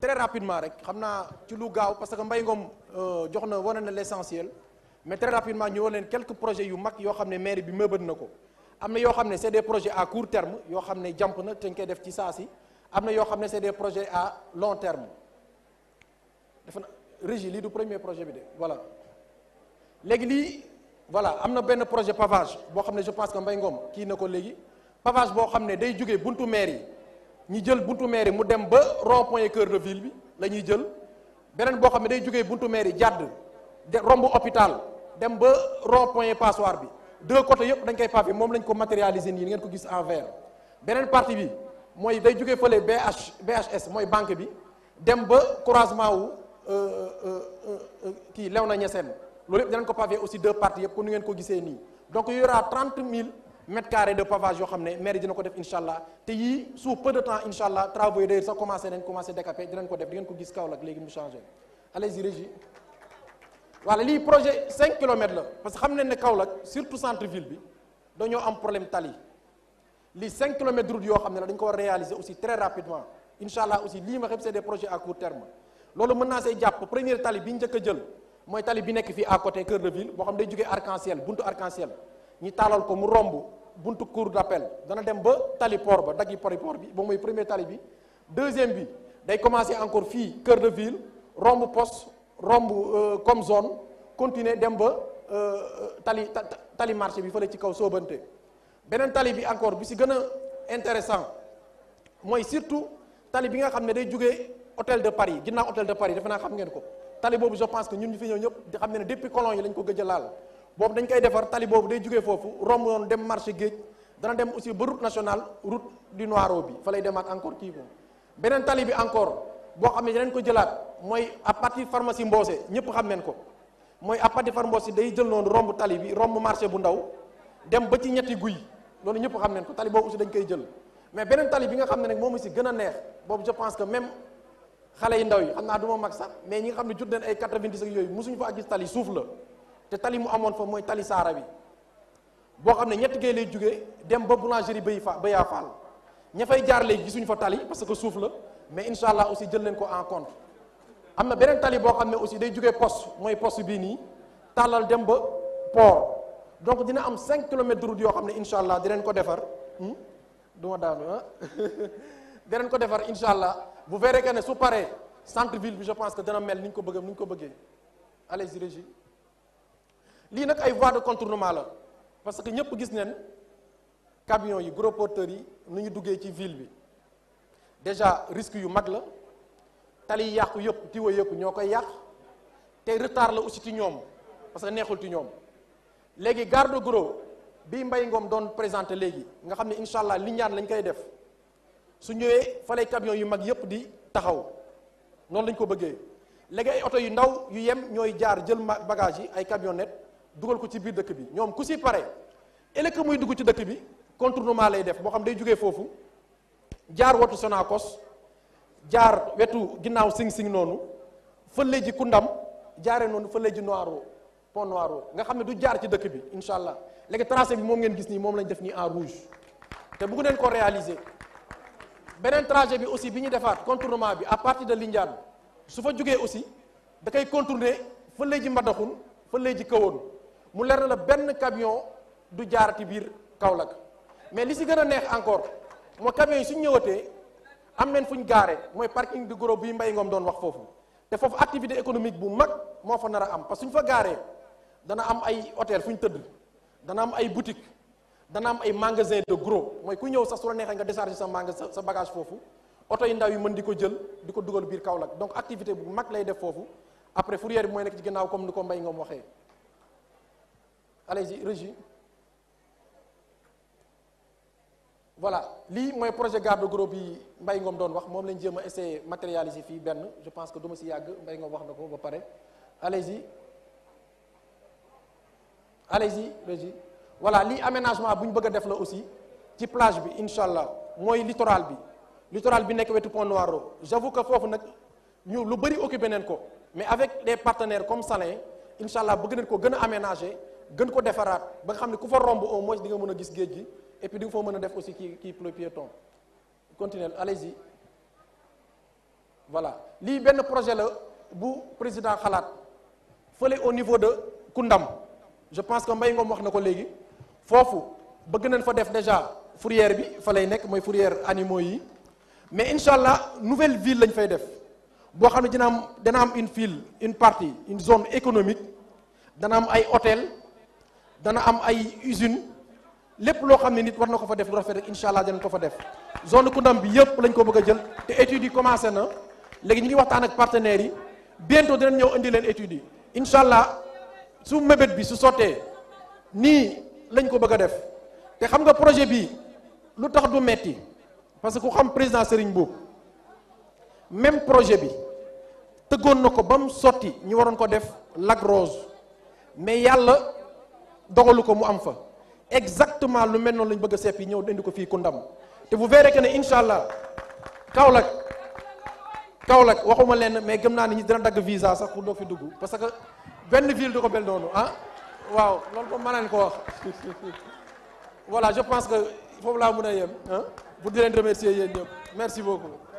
très rapidement rek xam naa ci lu gaaw parce que Mbaye Ngom euh, jox na wane na l'essentiel mais très rapidement ñu wane leen quelques projets yu mag yoo xam ne mairie bi mëbët na ko am na yoo xam ne c'est des projets à court terme yoo xam ne jàmp na te koy def ci saa si am na yoo xam ne c'est des projets à long terme def na régi lii du premier projet bi de wala léegi lii voilà am na benn projet pavage boo xam ne je pense que Mbaye Ngom kii na ko léegi pavage boo xam ne day jógee buntu maire yi ñu jël buntu mairie mu dem ba rond point cœur de ville bi la ñuy jël beneen boo xam ne day jógee buntu mairie jàdd de romb hôpital dem ba rond point passoire bi deux côtés yëpp dañ koy pavé moom lañ ko matérialisé nii ngeen ko gis en vert beneen partie bi mooy day jógee fële BH BHS mooy banque bi dem ba croisement wu euh, euh, euh, kii na Niassène loolu yëpp danañ ko pavé aussi deux parties yëpp ko nu ngeen ko gisee nii donc il y aura 30 mètre carré de pavage yoo xam ne maire dina ko def incha allah te yii sous peu de temps incha allah travaux yi d'ailleurs sax commencé ko def di ko gis Kaolack léegi mu changé allez-y régie voilà lii projet cinq kilomètres la parce que xam nañ ne Kaolack surtout centre ville bi dañoo am problème tali lii 5 kilomètres route yoo xam ne la dañu ko war réaliser aussi très rapidement incha allah aussi lii ma xam c'est des projets à court terme loolu mën naa see bi njëkk a mooy tali bi nekk fii à côté cœur de ville xam day jógee arc en ciel buntu ko mu romb. buntu cour d'appel dana dem ba tali port ba daggi pori port bi ba mooy premier tali bi deuxième bi day commencer encore fii cœur de ville romb poste romb euh, comme zone continuer dem ba euh, tali tali marché bi fële ci kaw soobante beneen tali bi encore bi si gën a intéressant mooy surtout tali bi nga xam ne day jugee hôtel de Paris ginnaaw hôtel de Paris defe naa xam ngeen ko tali boobu je que ñun ñu fi ñëw ñëpp xam ne ne depuis colon yi lañ ko gëj a laal boobu dañ koy defar tali boobu day jógee foofu romb noonu dem marché géej dana dem aussi ba route nationale route du Noiro bi fa lay demaat encore kii moom beneen tali bi encore boo xam ne danañ ko jëlaat mooy à partir pharmacie Mbose ñëpp xam nañ ko mooy à partir pharmacie Mbose day jël noonu romb tali bi romb marché bu ndaw dem ba ci ñetti guy loolu ñëpp xam nañ ko tali boobu aussi dañ koy jël mais beneen tali bi nga xam ne nag moom aussi gën a neex boobu je pense que même xale yi ndaw yi xam naa du ma mag sax mais ñi nga xam ne jur nañ ay 90 ak yooyu mosuñu fa gis tali suuf te tali mu amoon fa mooy tali saara bi boo xam ne ñetti gay lay jógee dem ba boulangerie bay fa bayaa faal ña fay jaar léegi gisuñu fa tali parce que suuf la mais incha allah aussi jël leen ko en compte am na beneen tali boo xam ne aussi day jógee post mooy poste bii nii tàllal dem ba port donc dina am cinq kilomètres de route yoo xam ne incha allah dinañ ko defar hmm? du ma daanu ah ko defar incha allah vous verrez que ne su paree centre ville bi je pense que dana mel ko bëggee ni ñu ko bëggee allez-y lii nag ay voie de contournement la parce que ñëpp gis neen camions yi gros porteurs yi nu ñu duggee ci ville bi déjà risque yu mag la tali yi yàqu yëpp tiwa yëpp ñoo koy yàq te retard la aussi ci ñoom parce que neexul ci ñoom léegi garde gros bi mbay ngoom doon présenté léegi nga xam ne incha allah li ñaan lañ koy def su ñëwee fa lay yu mag yëpp di taxaw noonu lañ ko bëggee léegi ay oto yu ndaw yu yem ñooy jaar jël bagage yi ay camionnettes dugal ko ci biir dëkk bi ñoom ku si pare ëllëg muy dugg ci dëkk bi contournement lay def boo xam day jógee foofu jaar wetu Sonacos jaar wetu ginnaaw Sing Sing noonu fële ji Koundam jaaree noonu fële ji Noiro pont Noiro nga xam ne du jaar ci dëkk bi incha allah léegi tracé bi moom ngeen gis nii moom lañ def nii en rouge te bëgg neen ko réaliser beneen trajet bi aussi bi ñu defaat contournement bi à partir de Lindiane su fa jógee aussi da koy contourner fële ji Mbadakhoune fële ji Kahone. mu leer na la benn camion du jaarati biir Kaolack mais li si gën a neex encore moo camion yi suñ ñëwatee am nañ fu ñu gaare mooy parking de gros bii mbay ngoom doon wax foofu te foofu activité économique bu mag moo fa nar a am parce que suñ fa gaaree dana am ay hôtel fu tëdd dana am ay boutique dana am ay magasin de gros mooy ku ñëw sax su la neexee nga décharger sa magasin sa bagage foofu oto yi ndaw yi mën di ko jël di ko dugal biir Kaolack donc activité bu mag lay def foofu après fourrière bi mooy nekk ci ginnaaw comme ni ko mbay ngoom waxee allez-y régie voilà lii mooy projet garde gros bi mbay Ngom doon wax moom lañ jéem a essayer matérialiser fii benn je pense que duma ma si yàgg mbay Ngom wax na ko ba pare allez-y allez-y régie voilà lii aménagement bu ñu bëgg a def la aussi ci plage bi incha allah mooy littoral bi littoral bi nekk wetu Pont Noiro j'avoue que foofu nag ñu lu bëri occupé neen ko mais avec des partenaires comme Salin incha bëgg nañ ko gën a aménager gën ko defaraat ba nga xam ne ku fa romb au moins di nga mën a gis géej gi et puis di nga foo mën a def aussi kii kii piéton continuez allez-y voilà lii benn projet la bu président xalaat fële au niveau de Koundam je pense que mbay Ngom wax na ko léegi foofu bëgg nañ fa def déjà fourrière bi fa lay nekk mooy fourrière animaux yi mais incha allah nouvelle ville lañ fay def boo xam ne dina am dana am une fille une partie une zone économique dana am ay hôtel dana am ay usine lépp loo xam ne nit war na ko fa def lu rafet rek incha allah ko fa def zone Koundam bi yëpp lañ ko bëgg a jël te études yi commencé na léegi ñu ngi waxtaan ak partenaires yi bientôt dinañ ñëw indi leen études yi incha allah su mébét bi su sottee nii lañ ko bëgg a def te xam nga projet bi lu tax du metti parce que ku xam président Serigne Mboup même projet bi tëggoon na ko ba mu sotti ñu waroon ko def Lac Rose mais yàlla. dogalu ko mu am fa exactement lu mel noonu lañ bëgg a seppi ñëw indi ko fii ku ndam te bu verrez que ne incha allah Kaolack Kaolack waxuma leen mais gëm naa ni ñi dina dagg visa sax pour doo fi dugg parce que benn ville du ko bel noonu ah waaw loolu moom mën nañ ko wax voilà je pense que foofu laa mën a yem ah bu di leen remercier yéen ñëpp merci beaucoup